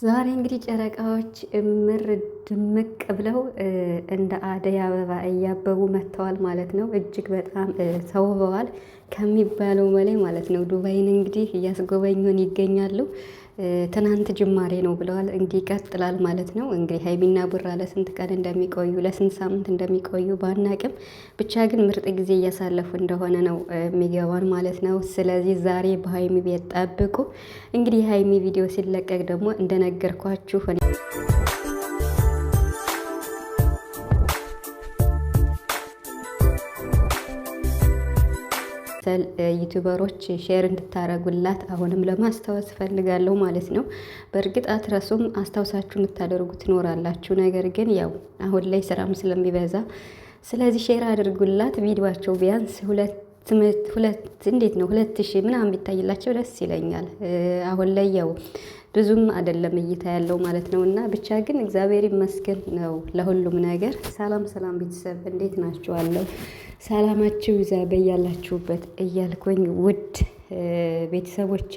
ዛሬ እንግዲህ ጨረቃዎች እምር ድምቅ ብለው እንደ አደይ አበባ እያበቡ መጥተዋል ማለት ነው። እጅግ በጣም ተውበዋል ከሚባለው በላይ ማለት ነው። ዱባይን እንግዲህ እያስጎበኙን ይገኛሉ። ትናንት ጅማሬ ነው ብለዋል። እንግዲህ ይቀጥላል ማለት ነው። እንግዲህ ሀይሚና ቡራ ለስንት ቀን እንደሚቆዩ ለስንት ሳምንት እንደሚቆዩ ባናቅም፣ ብቻ ግን ምርጥ ጊዜ እያሳለፉ እንደሆነ ነው የሚገባን ማለት ነው። ስለዚህ ዛሬ በሀይሚ ቤት ጠብቁ። እንግዲህ የሀይሚ ቪዲዮ ሲለቀቅ ደግሞ እንደነገርኳችሁ መሰል ዩቱበሮች ሼር እንድታደረጉላት አሁንም ለማስታወስ ፈልጋለሁ ማለት ነው። በእርግጥ አትረሱም፣ አስታውሳችሁ የምታደርጉ ትኖራላችሁ። ነገር ግን ያው አሁን ላይ ስራም ስለሚበዛ ስለዚህ ሼር አድርጉላት። ቪዲዮቸው ቢያንስ ሁለት ሁለት እንዴት ነው ሁለት ሺህ ምናምን ቢታይላቸው ደስ ይለኛል። አሁን ላይ ያው ብዙም አይደለም እይታ ያለው ማለት ነው። እና ብቻ ግን እግዚአብሔር ይመስገን ነው ለሁሉም ነገር። ሰላም ሰላም ቤተሰብ እንዴት ናችኋለሁ? ሰላማችሁ ይዛ በያላችሁበት እያልኩኝ ውድ ቤተሰቦቼ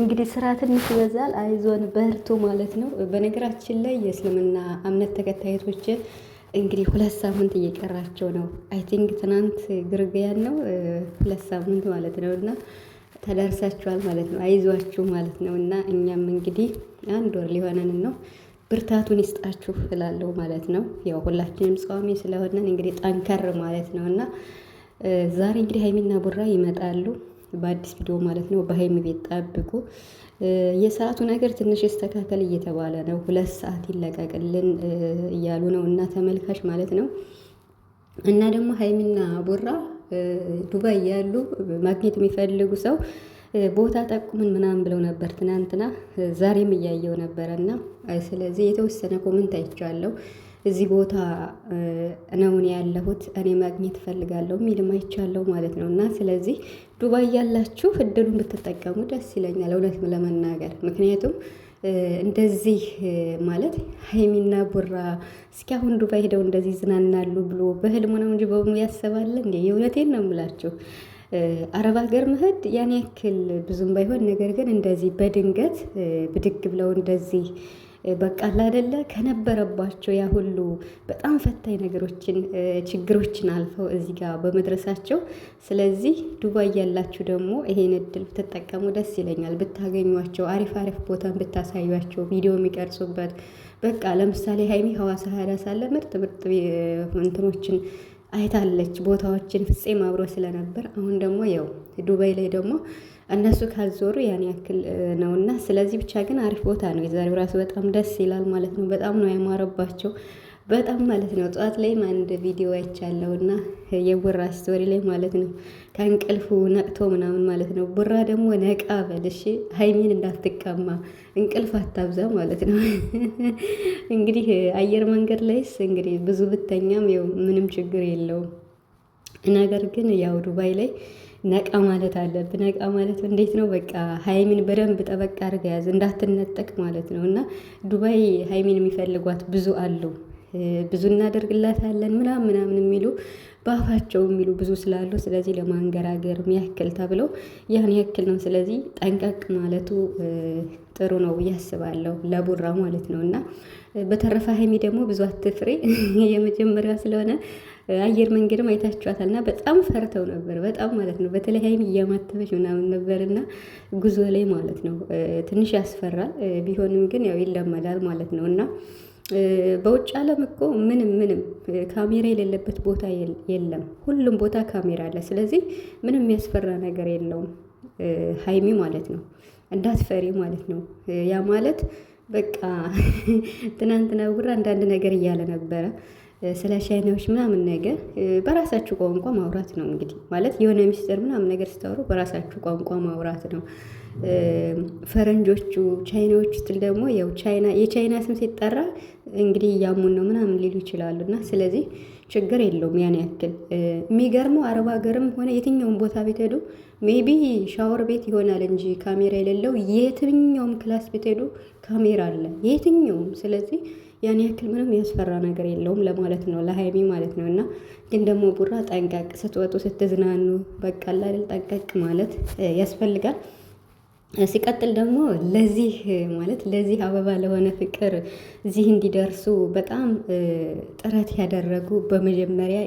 እንግዲህ ስራ ትንሽ ይበዛል። አይዞን በርቱ ማለት ነው። በነገራችን ላይ የእስልምና እምነት ተከታዮች እንግዲህ ሁለት ሳምንት እየቀራቸው ነው። አይ ቲንክ ትናንት ግርግያን ነው ሁለት ሳምንት ማለት ነው እና ተደርሳችኋል ማለት ነው። አይዟችሁ ማለት ነው። እና እኛም እንግዲህ አንድ ወር ሊሆነን ነው። ብርታቱን ይስጣችሁ እላለሁ ማለት ነው። ያው ሁላችንም ጸዋሚ ስለሆነን እንግዲህ ጠንከር ማለት ነው እና ዛሬ እንግዲህ ሀይሚና ቡራ ይመጣሉ በአዲስ ቪዲዮ ማለት ነው። በሀይሚ ቤት ጠብቁ። የሰዓቱ ነገር ትንሽ ይስተካከል እየተባለ ነው። ሁለት ሰዓት ይለቀቅልን እያሉ ነው እና ተመልካች ማለት ነው እና ደግሞ ሀይሚና ቡራ ዱባይ ያሉ ማግኘት የሚፈልጉ ሰው ቦታ ጠቁምን ምናምን ብለው ነበር ትናንትና፣ ዛሬም እያየው ነበረ እና ስለዚህ የተወሰነ ኮመንት አይቼዋለሁ። እዚህ ቦታ ነውን ያለሁት እኔ ማግኘት እፈልጋለሁ የሚልም አይቻለሁ ማለት ነው። እና ስለዚህ ዱባይ ያላችሁ እድሉን ብትጠቀሙ ደስ ይለኛል እውነት ለመናገር ምክንያቱም እንደዚህ ማለት ሀይሚና ቡራ እስኪ አሁን ዱባይ ሄደው እንደዚህ ይዝናናሉ ብሎ በህልሙ ነው እንጂ በሙ ያሰባለ እ የእውነቴን ነው የምላችሁ። አረብ ሀገር መሄድ ያን ያክል ብዙም ባይሆን ነገር ግን እንደዚህ በድንገት ብድግ ብለው እንደዚህ በቃላ አደለ ከነበረባቸው ያ ሁሉ በጣም ፈታኝ ነገሮችን ችግሮችን አልፈው እዚህ ጋር በመድረሳቸው። ስለዚህ ዱባይ ያላችሁ ደግሞ ይሄን እድል ብትጠቀሙ ደስ ይለኛል። ብታገኟቸው፣ አሪፍ አሪፍ ቦታን ብታሳያቸው ቪዲዮ የሚቀርጹበት በቃ ለምሳሌ ሀይሚ ሀዋሳ ሀዳ ሳለ ምርጥ ምርጥ እንትኖችን አይታለች ቦታዎችን ፍጼ አብሮ ስለነበር አሁን ደግሞ ያው ዱባይ ላይ ደግሞ እነሱ ካልዞሩ ያን ያክል ነው እና ስለዚህ ብቻ ግን አሪፍ ቦታ ነው። የዛሬው ራሱ በጣም ደስ ይላል ማለት ነው። በጣም ነው ያማረባቸው በጣም ማለት ነው። ጠዋት ላይም አንድ ቪዲዮ አይቻለሁ እና የቡራ ስቶሪ ላይ ማለት ነው ከእንቅልፉ ነቅቶ ምናምን ማለት ነው። ቡራ ደግሞ ነቃ በል እሺ፣ ሀይሚን እንዳትቀማ እንቅልፍ አታብዛ ማለት ነው። እንግዲህ አየር መንገድ ላይስ እንግዲህ ብዙ ብተኛም ምንም ችግር የለውም። ነገር ግን ያው ዱባይ ላይ ነቃ ማለት አለብህ። ነቃ ማለት እንዴት ነው? በቃ ሀይሚን በደንብ ጠበቅ አድርጋ ያዝ፣ እንዳትነጠቅ ማለት ነው። እና ዱባይ ሀይሚን የሚፈልጓት ብዙ አሉ። ብዙ እናደርግላታለን ምናምን ምናምን የሚሉ በአፋቸው የሚሉ ብዙ ስላሉ፣ ስለዚህ ለማንገራገር ያክል ተብለው ያን ያክል ነው። ስለዚህ ጠንቀቅ ማለቱ ጥሩ ነው ብዬ አስባለሁ፣ ለቡራ ማለት ነው። እና በተረፈ ሀይሚ ደግሞ ብዙ አትፍሬ የመጀመሪያዋ ስለሆነ አየር መንገድም አይታችኋታል። እና በጣም ፈርተው ነበር፣ በጣም ማለት ነው። በተለይ ሀይሚ እያማተበች ምናምን ነበር እና ጉዞ ላይ ማለት ነው ትንሽ ያስፈራል። ቢሆንም ግን ያው ይለመዳል ማለት ነው እና በውጭ ዓለም እኮ ምንም ምንም ካሜራ የሌለበት ቦታ የለም። ሁሉም ቦታ ካሜራ አለ። ስለዚህ ምንም የሚያስፈራ ነገር የለውም ሀይሚ ማለት ነው። እንዳትፈሪ ማለት ነው። ያ ማለት በቃ ትናንትና ብጉራ አንዳንድ ነገር እያለ ነበረ ስለ ቻይናዎች ምናምን ነገር በራሳችሁ ቋንቋ ማውራት ነው። እንግዲህ ማለት የሆነ ሚስጥር ምናምን ነገር ስታወሩ በራሳችሁ ቋንቋ ማውራት ነው። ፈረንጆቹ፣ ቻይናዎች ስትል ደግሞ ያው ቻይና የቻይና ስም ሲጠራ እንግዲህ እያሙን ነው ምናምን ሊሉ ይችላሉ። እና ስለዚህ ችግር የለውም ያን ያክል የሚገርመው አረብ ሀገርም ሆነ የትኛውም ቦታ ቤት ሜቢ ሻወር ቤት ይሆናል እንጂ ካሜራ የሌለው የትኛውም ክላስ ቤት ካሜራ አለ የትኛውም ስለዚህ ያን ያክል ምንም ያስፈራ ነገር የለውም ለማለት ነው ለሀይሚ ማለት ነው። እና ግን ደግሞ ቡራ ጠንቀቅ፣ ስትወጡ ስትዝናኑ በቃ ጠንቀቅ ማለት ያስፈልጋል። ሲቀጥል ደግሞ ለዚህ ማለት ለዚህ አበባ ለሆነ ፍቅር እዚህ እንዲደርሱ በጣም ጥረት ያደረጉ በመጀመሪያ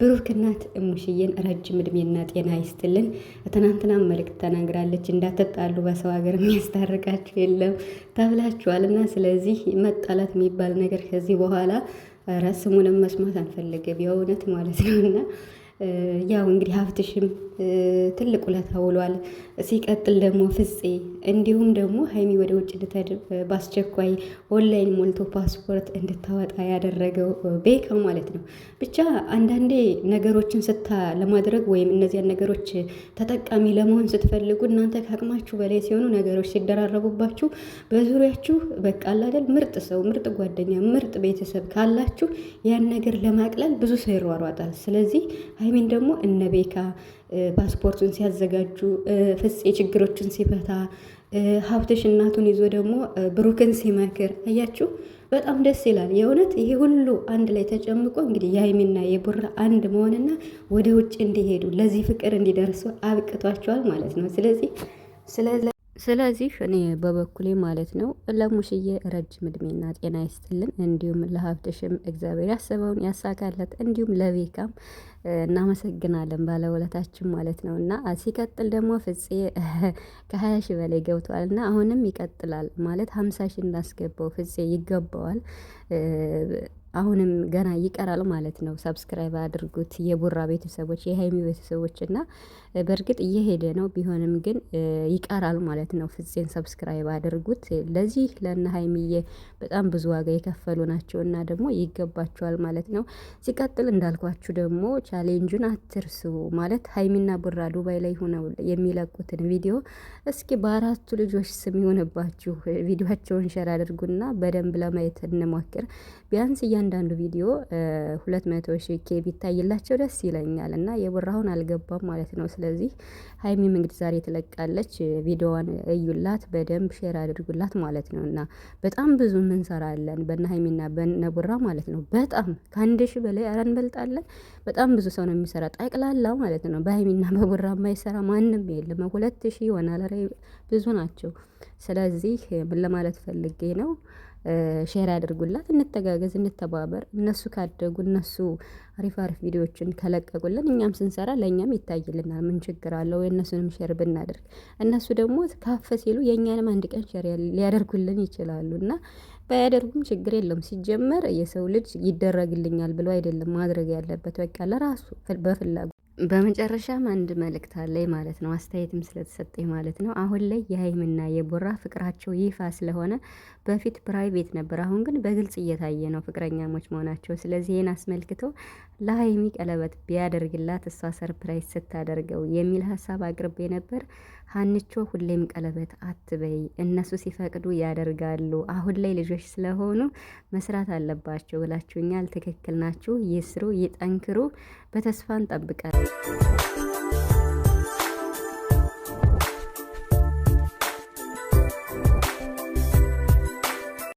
ብሩክናት እሙሽዬን ረጅም እድሜና ጤና ይስጥልን። ትናንትና መልእክት ተናግራለች። እንዳትጣሉ በሰው ሀገር የሚያስታርቃችሁ የለም ተብላችኋልና፣ ስለዚህ መጣላት የሚባል ነገር ከዚህ በኋላ ረስሙንም መስማት አንፈልግም የእውነት ማለት ነውና ያው እንግዲህ ሀብትሽም ትልቅ ውለታ ውሏል። ሲቀጥል ደግሞ ፍፄ እንዲሁም ደግሞ ሀይሚ ወደ ውጭ እንድትሄድ በአስቸኳይ ኦንላይን ሞልቶ ፓስፖርት እንድታወጣ ያደረገው ቤካ ማለት ነው። ብቻ አንዳንዴ ነገሮችን ስታ ለማድረግ ወይም እነዚያን ነገሮች ተጠቃሚ ለመሆን ስትፈልጉ እናንተ ከአቅማችሁ በላይ ሲሆኑ ነገሮች ሲደራረቡባችሁ በዙሪያችሁ በቃ አላደል ምርጥ ሰው፣ ምርጥ ጓደኛ፣ ምርጥ ቤተሰብ ካላችሁ ያን ነገር ለማቅለል ብዙ ሰው ይሯሯጣል። ስለዚህ ሀይሚን ደግሞ እነ ቤካ ፓስፖርቱን ሲያዘጋጁ፣ ፍፄ ችግሮቹን ሲፈታ፣ ሀብትሽ እናቱን ይዞ ደግሞ ብሩክን ሲመክር አያችሁ። በጣም ደስ ይላል የእውነት ይሄ ሁሉ አንድ ላይ ተጨምቆ እንግዲህ የሀይሚና የቡራ አንድ መሆንና ወደ ውጭ እንዲሄዱ ለዚህ ፍቅር እንዲደርሱ አብቅቷቸዋል ማለት ነው። ስለዚህ ስለዚህ እኔ በበኩሌ ማለት ነው ለሙሽዬ ረጅም እድሜና ጤና ይስጥልን፣ እንዲሁም ለሀብትሽም እግዚአብሔር ያሰበውን ያሳካለት፣ እንዲሁም ለቤካም እናመሰግናለን ባለውለታችን ማለት ነው። እና ሲቀጥል ደግሞ ፍፄ ከሀያ ሺ በላይ ገብተዋል እና አሁንም ይቀጥላል ማለት ሀምሳ ሺ እንዳስገባው ፍጼ ይገባዋል። አሁንም ገና ይቀራል ማለት ነው። ሰብስክራይብ አድርጉት የቡራ ቤተሰቦች የሀይሚ ቤተሰቦች እና በእርግጥ እየሄደ ነው። ቢሆንም ግን ይቀራል ማለት ነው። ፍፄን ሰብስክራይብ አድርጉት። ለዚህ ለእነ ሀይሚዬ በጣም ብዙ ዋጋ የከፈሉ ናቸው እና ደግሞ ይገባቸዋል ማለት ነው። ሲቀጥል እንዳልኳችሁ ደግሞ ቻሌንጁን አትርሱ ማለት ሀይሚና ቡራ ዱባይ ላይ ሆነው የሚለቁትን ቪዲዮ እስኪ በአራቱ ልጆች ስም ይሆንባችሁ ቪዲዮቸውን ሸር አድርጉና በደንብ ለማየት እንሞክር። ቢያንስ እያንዳንዱ ቪዲዮ ሁለት መቶ ሺ ኬ ቢታይላቸው ደስ ይለኛል እና የቡራሁን አልገባም ማለት ነው ስለ ስለዚህ ሀይሚም እንግዲህ ዛሬ ትለቃለች። ቪዲዮዋን እዩላት በደንብ ሼር አድርጉላት ማለት ነው እና በጣም ብዙ ምንሰራለን በነ ሀይሚና በነ ቡራ ማለት ነው። በጣም ከአንድ ሺ በላይ አረ እንበልጣለን። በጣም ብዙ ሰው ነው የሚሰራ ጠቅላላ ማለት ነው። በሀይሚና በቡራ የማይሰራ ማንም የለም። ሁለት ሺህ ይሆናል ብዙ ናቸው። ስለዚህ ምን ለማለት ፈልጌ ነው ሼር ያድርጉላት፣ እንተጋገዝ፣ እንተባበር። እነሱ ካደጉ እነሱ አሪፍ አሪፍ ቪዲዮዎችን ከለቀቁልን እኛም ስንሰራ ለእኛም ይታይልናል። ምን ችግር አለው? የእነሱንም ሼር ብናደርግ እነሱ ደግሞ ካፈ ሲሉ የእኛንም አንድ ቀን ሼር ሊያደርጉልን ይችላሉ እና ባያደርጉም ችግር የለውም። ሲጀመር የሰው ልጅ ይደረግልኛል ብሎ አይደለም ማድረግ ያለበት፣ በቃ ለራሱ በፍላጎት በመጨረሻም አንድ መልእክት አለኝ ማለት ነው። አስተያየትም ስለተሰጠኝ ማለት ነው። አሁን ላይ የሀይምና የቦራ ፍቅራቸው ይፋ ስለሆነ በፊት ፕራይቬት ነበር፣ አሁን ግን በግልጽ እየታየ ነው ፍቅረኛሞች መሆናቸው። ስለዚህ ይህን አስመልክቶ ለሀይሚ ቀለበት ቢያደርግላት እሷ ሰርፕራይዝ ስታደርገው የሚል ሀሳብ አቅርቤ ነበር። ሀንቾ ሁሌም ቀለበት አትበይ፣ እነሱ ሲፈቅዱ ያደርጋሉ። አሁን ላይ ልጆች ስለሆኑ መስራት አለባቸው ብላችሁኛል። ትክክል ናችሁ። ይስሩ፣ ይጠንክሩ። በተስፋ እንጠብቃለን።